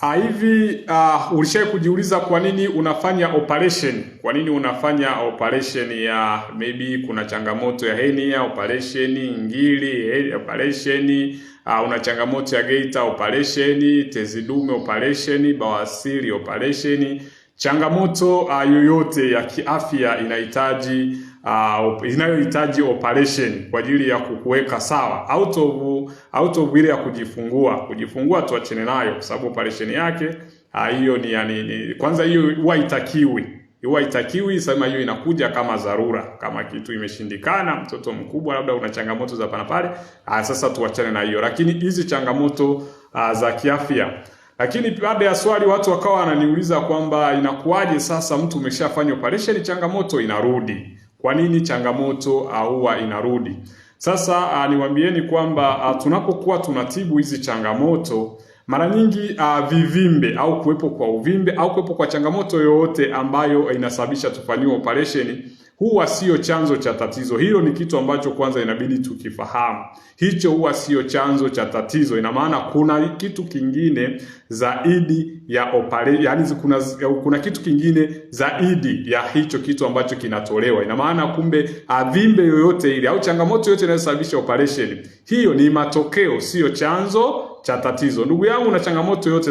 Ha, ah, hivi uh, ulishawahi kujiuliza kwa nini unafanya operation? Kwa nini unafanya operation ya maybe kuna changamoto ya henia operation ngili, operation uh, una changamoto ya gaita, operation tezi dume, operation bawasiri, operation Changamoto uh, yoyote ya kiafya inahitaji uh, inayohitaji operation kwa ajili ya kukuweka sawa out of out of ile ya kujifungua. Kujifungua tuachane nayo kwa sababu operation yake ah, hiyo uh, ni, yani, ni kwanza hiyo huwa itakiwi huwa itakiwi sema hiyo inakuja kama dharura, kama kitu imeshindikana, mtoto mkubwa labda una changamoto za panapale. Sasa tuachane na hiyo, lakini hizi changamoto uh, za kiafya lakini baada ya swali watu wakawa wananiuliza kwamba inakuwaje sasa mtu umeshafanya operation changamoto inarudi. Kwa nini changamoto huwa inarudi? Sasa ah, niwaambieni kwamba ah, tunapokuwa tunatibu hizi changamoto mara nyingi uh, vivimbe au kuwepo kwa uvimbe au kuwepo kwa changamoto yoyote ambayo inasababisha tufanyiwe operation huwa sio chanzo cha tatizo. Hilo ni kitu ambacho kwanza inabidi tukifahamu, hicho huwa sio chanzo cha tatizo. Ina maana kuna kitu kingine zaidi ya opale, yani kuna, kuna kitu kingine zaidi ya hicho kitu ambacho kinatolewa. Ina maana kumbe avimbe yoyote ile au changamoto yoyote inayosababisha operation, hiyo ni matokeo, sio chanzo cha tatizo. Ndugu yangu, na changamoto yoyote